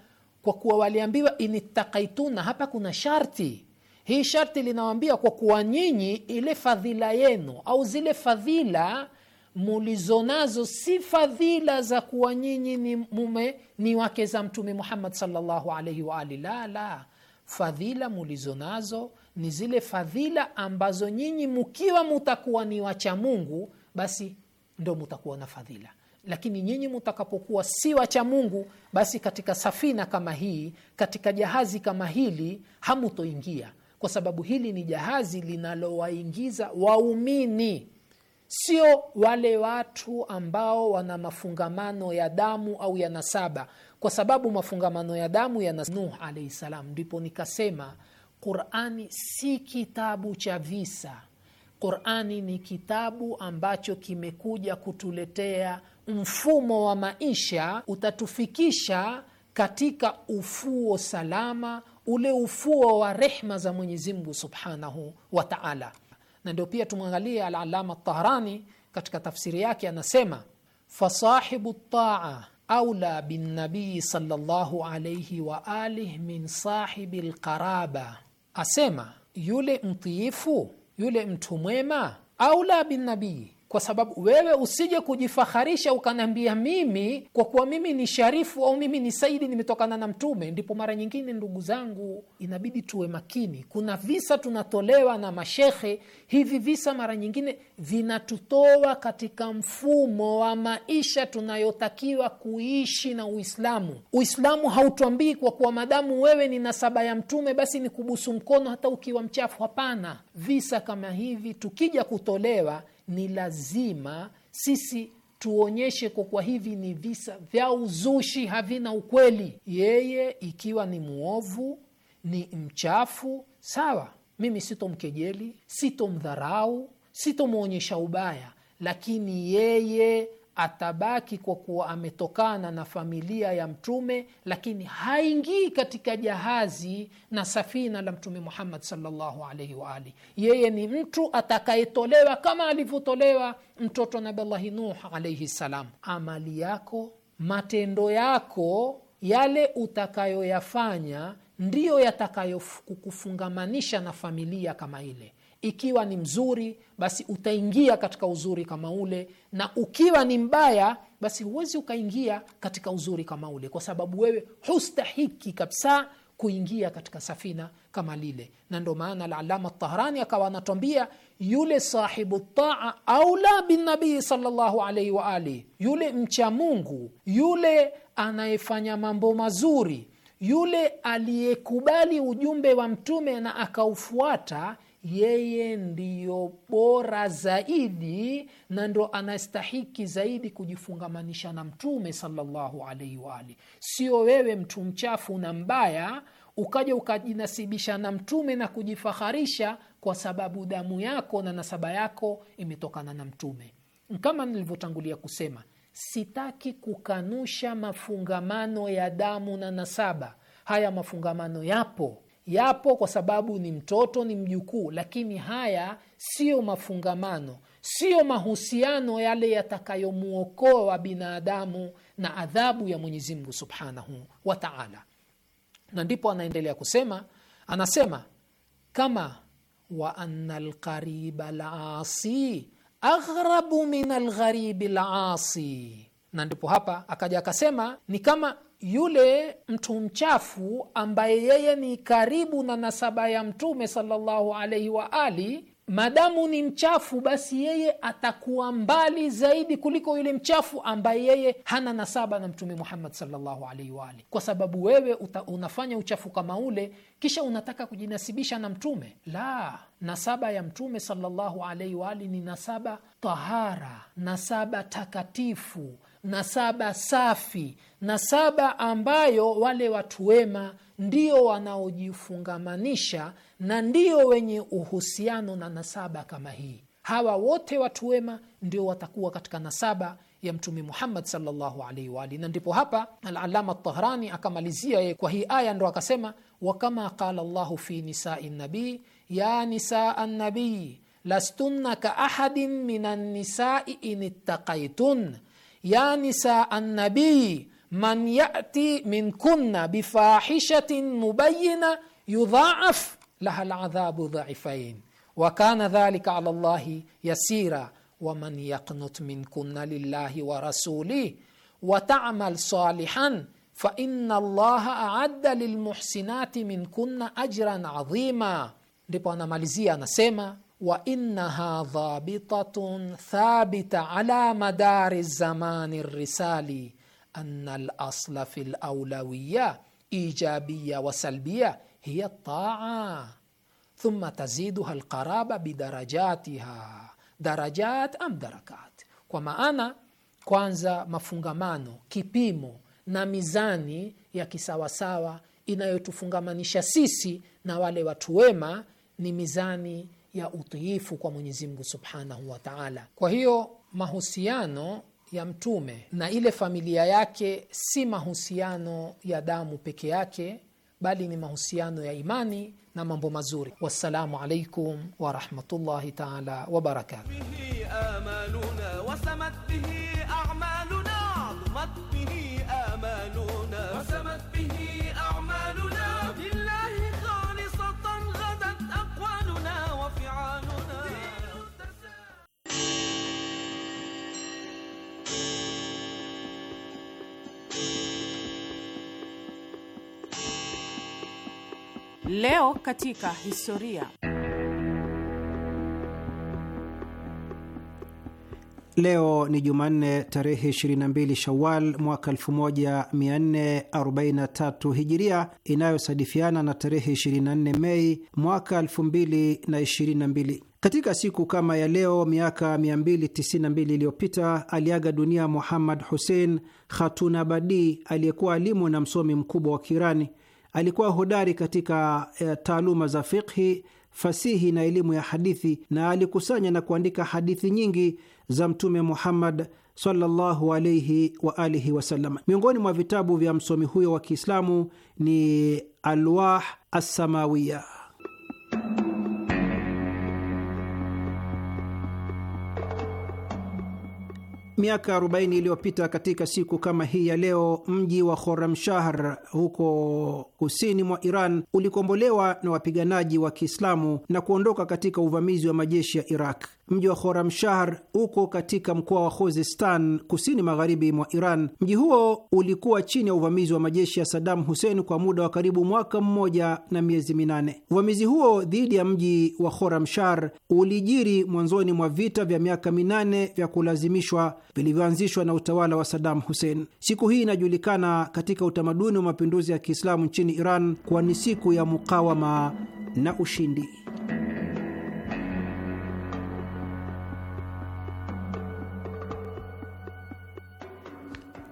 kwa kuwa waliambiwa initakaituna, hapa kuna sharti. Hii sharti linawambia kwa kuwa nyinyi ile fadhila yenu au zile fadhila mulizo nazo si fadhila za kuwa nyinyi ni mume ni wake za Mtume Muhammad sallallahu alaihi la la, fadhila mulizo nazo ni zile fadhila ambazo nyinyi mkiwa mutakuwa ni wacha Mungu basi ndo mutakuwa na fadhila, lakini nyinyi mutakapokuwa si wacha Mungu basi katika safina kama hii, katika jahazi kama hili hamutoingia, kwa sababu hili ni jahazi linalowaingiza waumini, sio wale watu ambao wana mafungamano ya damu au ya nasaba, kwa sababu mafungamano ya damu yana Nuh salam. Ndipo nikasema Qurani si kitabu cha visa. Qurani ni kitabu ambacho kimekuja kutuletea mfumo wa maisha utatufikisha katika ufuo salama, ule ufuo wa rehma za Mwenyezi Mungu subhanahu wa taala. Na ndio pia tumwangalie Alalama Tahrani katika tafsiri yake anasema, fasahibu ltaa aula binnabiyi sallallahu alaihi wa alih min sahibi lqaraba asema yule mtiifu, yule mtu mwema, aula bin kwa sababu wewe usije kujifaharisha ukanambia mimi kwa kuwa mimi ni sharifu au mimi ni saidi nimetokana na mtume. Ndipo mara nyingine, ndugu zangu, inabidi tuwe makini. Kuna visa tunatolewa na mashehe, hivi visa mara nyingine vinatutoa katika mfumo wa maisha tunayotakiwa kuishi na Uislamu. Uislamu hautuambii kwa kuwa madamu wewe ni nasaba ya mtume, basi ni kubusu mkono hata ukiwa mchafu. Hapana, visa kama hivi tukija kutolewa ni lazima sisi tuonyeshe kwa hivi ni visa vya uzushi, havina ukweli. Yeye ikiwa ni mwovu, ni mchafu, sawa, mimi sitomkejeli, sitomdharau, sitomwonyesha ubaya, lakini yeye atabaki kwa kuwa ametokana na familia ya mtume lakini haingii katika jahazi na safina la mtume muhammad salllahu alaihi waalih yeye ni mtu atakayetolewa kama alivyotolewa mtoto nabillahi nuh alaihi ssalam amali yako matendo yako yale utakayoyafanya ndiyo yatakayokufungamanisha na familia kama ile ikiwa ni mzuri basi utaingia katika uzuri kama ule na ukiwa ni mbaya basi huwezi ukaingia katika uzuri kama ule kwa sababu wewe hustahiki kabisa kuingia katika safina kama lile na ndo maana lalama tahrani akawa anatwambia yule sahibu taa aula binabii salllahu alaihi waalih yule mcha mungu yule anayefanya mambo mazuri yule aliyekubali ujumbe wa mtume na akaufuata yeye ndiyo bora zaidi na ndo anastahiki zaidi kujifungamanisha na mtume salallahu alaihi waalih. Sio wewe mtu mchafu na mbaya ukaja ukajinasibisha na mtume na kujifaharisha kwa sababu damu yako na nasaba yako imetokana na mtume. Kama nilivyotangulia kusema, sitaki kukanusha mafungamano ya damu na nasaba. Haya mafungamano yapo yapo kwa sababu ni mtoto, ni mjukuu, lakini haya siyo mafungamano, siyo mahusiano yale yatakayomwokoa binadamu na adhabu ya mwenyezimngu subhanahu wa taala. Na ndipo anaendelea kusema, anasema kama wa anna lqariba lasi aghrabu min algharibi lasi. Na ndipo hapa akaja akasema ni kama yule mtu mchafu ambaye yeye ni karibu na nasaba ya mtume salllahu alaihi wa ali madamu ni mchafu basi yeye atakuwa mbali zaidi kuliko yule mchafu ambaye yeye hana nasaba na mtume muhammad salllahu alaihi waali kwa sababu wewe uta, unafanya uchafu kama ule kisha unataka kujinasibisha na mtume la nasaba ya mtume salllahu alaihi waali ni nasaba tahara nasaba takatifu nasaba safi, nasaba ambayo wale watu wema ndio wanaojifungamanisha na ndio wenye uhusiano na nasaba kama hii. Hawa wote watu wema ndio watakuwa katika nasaba ya Mtume Muhammad sallallahu alaihi wa alihi. Na ndipo hapa Alalama Tahrani akamalizia ye kwa hii aya, ndo akasema wa kama qala llahu fi nisai nabii ya nisaa nabii lastunna ka ahadin min annisai in ittaqaitun يا نساء النبي من ياتي منكن بفاحشه مبينه يضاعف لها العذاب ضعفين وكان ذلك على الله يسيرا ومن يقنت منكن لله ورسوله وتعمل صالحا فان الله اعد للمحسنات منكن اجرا عظيما ndipo anamalizia anasema wa innaha dhabitatun thabita ala madari zamani risali anna alasla fi lawlawiya ijabiya wa salbiya hiya taa thumma taziduha alqaraba bidarajatiha darajat am darakat kwa maana kwanza mafungamano kipimo na mizani ya kisawasawa inayotufungamanisha sisi na wale watu wema ni mizani ya utiifu kwa Mwenyezi Mungu subhanahu wa taala. Kwa hiyo mahusiano ya mtume na ile familia yake si mahusiano ya damu peke yake, bali ni mahusiano ya imani na mambo mazuri. Wassalamu alaikum warahmatullahi taala wabarakatuh. Leo katika historia. Leo ni Jumanne tarehe 22 Shawal mwaka 1443 Hijiria, inayosadifiana na tarehe 24 Mei mwaka 2022. Katika siku kama ya leo miaka 292 iliyopita aliaga dunia Muhammad Hussein Khatunabadi, aliyekuwa alimu na msomi mkubwa wa Kirani. Alikuwa hodari katika e, taaluma za fiqhi fasihi na elimu ya hadithi, na alikusanya na kuandika hadithi nyingi za Mtume Muhammad sallallahu wa alihi wasallam. Miongoni mwa vitabu vya msomi huyo wa Kiislamu ni Alwah Assamawiya. Miaka 40 iliyopita katika siku kama hii ya leo, mji wa Khorramshahr huko kusini mwa Iran ulikombolewa na wapiganaji wa Kiislamu na kuondoka katika uvamizi wa majeshi ya Iraq. Mji wa Khoramshahr uko katika mkoa wa Khuzestan, kusini magharibi mwa Iran. Mji huo ulikuwa chini ya uvamizi wa majeshi ya sadamu Hussein kwa muda wa karibu mwaka mmoja na miezi minane. Uvamizi huo dhidi ya mji wa Khoramshahr ulijiri mwanzoni mwa vita vya miaka minane vya kulazimishwa vilivyoanzishwa na utawala wa Sadamu Hussein. Siku hii inajulikana katika utamaduni wa mapinduzi ya Kiislamu nchini Iran kuwa ni siku ya mukawama na ushindi.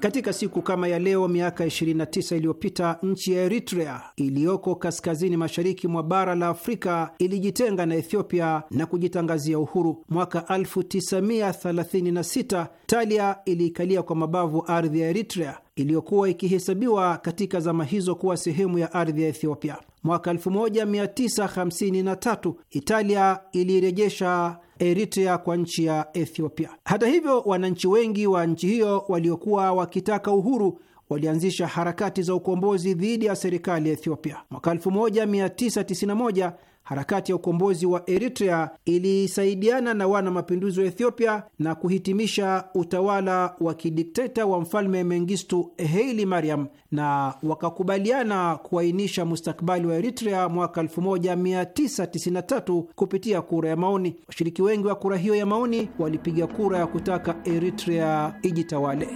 Katika siku kama ya leo miaka 29 iliyopita nchi ya Eritrea iliyoko kaskazini mashariki mwa bara la Afrika ilijitenga na Ethiopia na kujitangazia uhuru. Mwaka 1936 talia iliikalia kwa mabavu ardhi ya Eritrea iliyokuwa ikihesabiwa katika zama hizo kuwa sehemu ya ardhi ya Ethiopia. Mwaka 1953 Italia ilirejesha Eritrea kwa nchi ya Ethiopia. Hata hivyo, wananchi wengi wa nchi hiyo waliokuwa wakitaka uhuru walianzisha harakati za ukombozi dhidi ya serikali ya Ethiopia. Mwaka 1991 harakati ya ukombozi wa Eritrea ilisaidiana na wana mapinduzi wa Ethiopia na kuhitimisha utawala wa kidikteta wa mfalme Mengistu Haile Mariam, na wakakubaliana kuainisha mustakabali wa Eritrea mwaka 1993 kupitia kura ya maoni. Washiriki wengi wa kura hiyo ya maoni walipiga kura ya kutaka Eritrea ijitawale.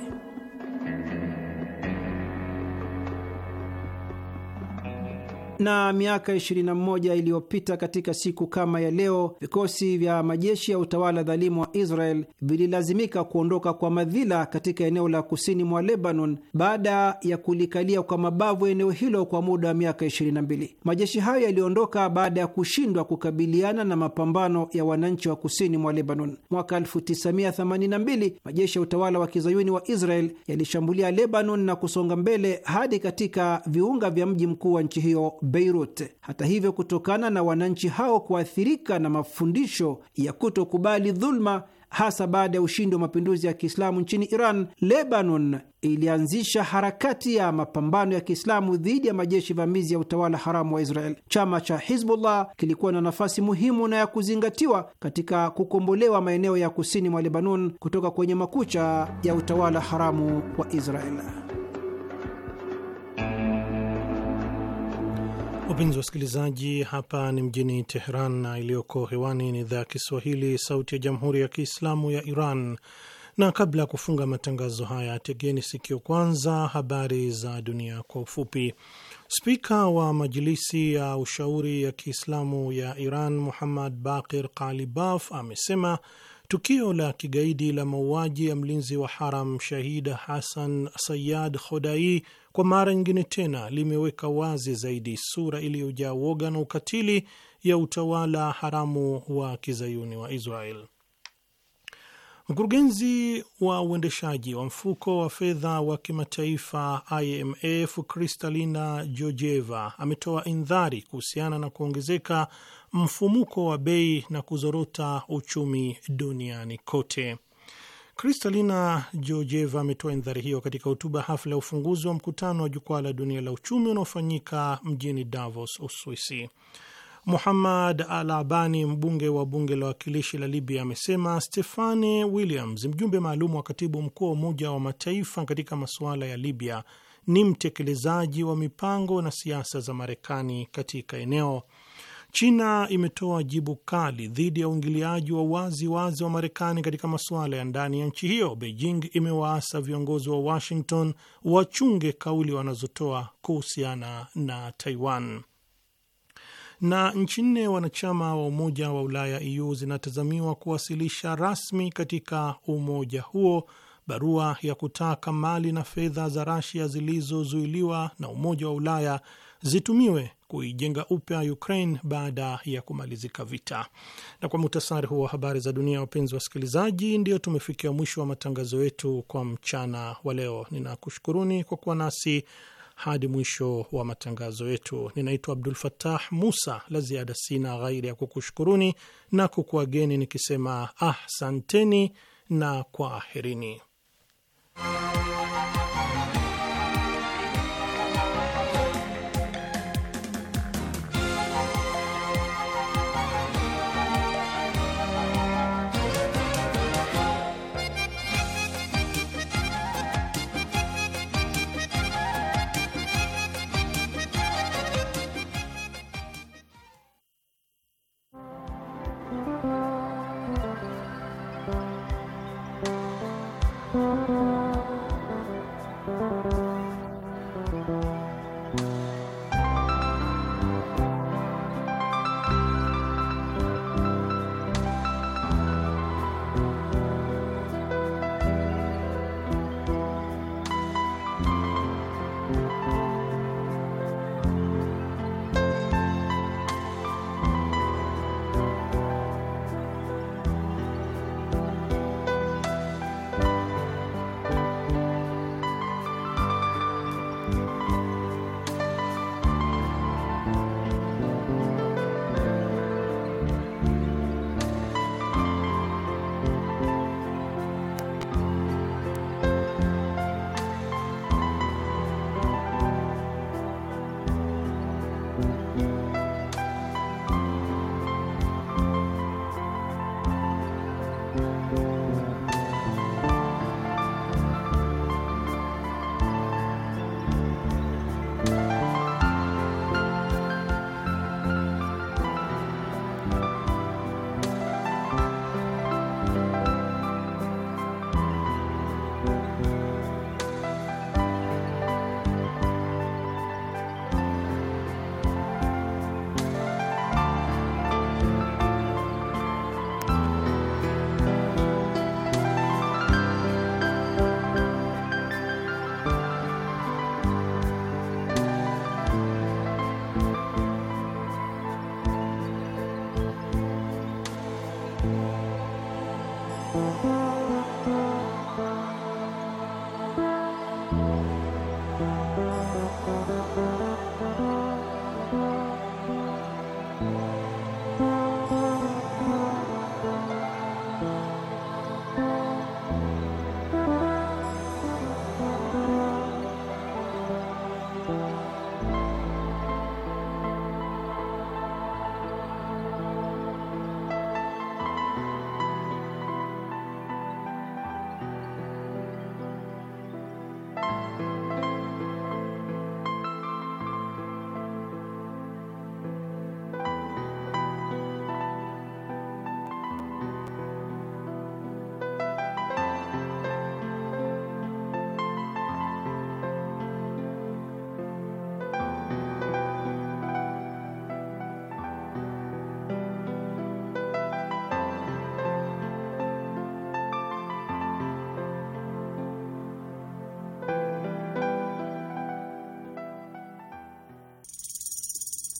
Na miaka 21 iliyopita katika siku kama ya leo, vikosi vya majeshi ya utawala dhalimu wa Israel vililazimika kuondoka kwa madhila katika eneo la kusini mwa Lebanon baada ya kulikalia kwa mabavu eneo hilo kwa muda wa miaka 22. Majeshi hayo yaliondoka baada ya kushindwa kukabiliana na mapambano ya wananchi wa kusini mwa Lebanon. Mwaka 1982 majeshi ya utawala wa kizayuni wa Israel yalishambulia Lebanon na kusonga mbele hadi katika viunga vya mji mkuu wa nchi hiyo Beirut. Hata hivyo, kutokana na wananchi hao kuathirika na mafundisho ya kutokubali dhuluma hasa baada ya ushindi wa mapinduzi ya Kiislamu nchini Iran, Lebanon ilianzisha harakati ya mapambano ya Kiislamu dhidi ya majeshi vamizi ya utawala haramu wa Israel. Chama cha Hizbullah kilikuwa na nafasi muhimu na ya kuzingatiwa katika kukombolewa maeneo ya kusini mwa Lebanon kutoka kwenye makucha ya utawala haramu wa Israel. Wapenzi wasikilizaji, hapa ni mjini Teheran na iliyoko hewani ni idhaa ya Kiswahili, sauti ya jamhuri ya kiislamu ya Iran. Na kabla ya kufunga matangazo haya, tegeni sikio kwanza habari za dunia kwa ufupi. Spika wa Majilisi ya Ushauri ya Kiislamu ya Iran Muhammad Bakir Kalibaf amesema Tukio la kigaidi la mauaji ya mlinzi wa haram shahida Hasan Sayad Khodai kwa mara nyingine tena limeweka wazi zaidi sura iliyojaa woga na ukatili ya utawala haramu wa kizayuni wa Israel. Mkurugenzi wa uendeshaji wa mfuko wa fedha wa kimataifa IMF Kristalina Georgieva ametoa indhari kuhusiana na kuongezeka mfumuko wa bei na kuzorota uchumi duniani kote. Kristalina Georgieva ametoa indhari hiyo katika hotuba hafla ya ufunguzi wa mkutano wa jukwaa la dunia la uchumi unaofanyika mjini Davos, Uswisi. Muhammad Al Abani, mbunge wa bunge la wakilishi la Libya, amesema Stefani Williams, mjumbe maalum wa katibu mkuu wa Umoja wa Mataifa katika masuala ya Libya, ni mtekelezaji wa mipango na siasa za Marekani katika eneo. China imetoa jibu kali dhidi ya uingiliaji wa wazi wazi wa Marekani katika masuala ya ndani ya nchi hiyo. Beijing imewaasa viongozi wa Washington wachunge kauli wanazotoa kuhusiana na Taiwan na nchi nne wanachama wa Umoja wa Ulaya EU zinatazamiwa kuwasilisha rasmi katika umoja huo barua ya kutaka mali na fedha za Rasia zilizozuiliwa na Umoja wa Ulaya zitumiwe kuijenga upya Ukraine baada ya kumalizika vita. Na kwa muhtasari huo wa habari za dunia, wapenzi wa wasikilizaji, ndio tumefikia mwisho wa matangazo yetu kwa mchana wa leo. Ninakushukuruni kwa kuwa nasi hadi mwisho wa matangazo yetu. Ninaitwa Abdul Fattah Musa. La ziada sina ghairi ya kukushukuruni na kukuageni nikisema ahsanteni na kwaherini.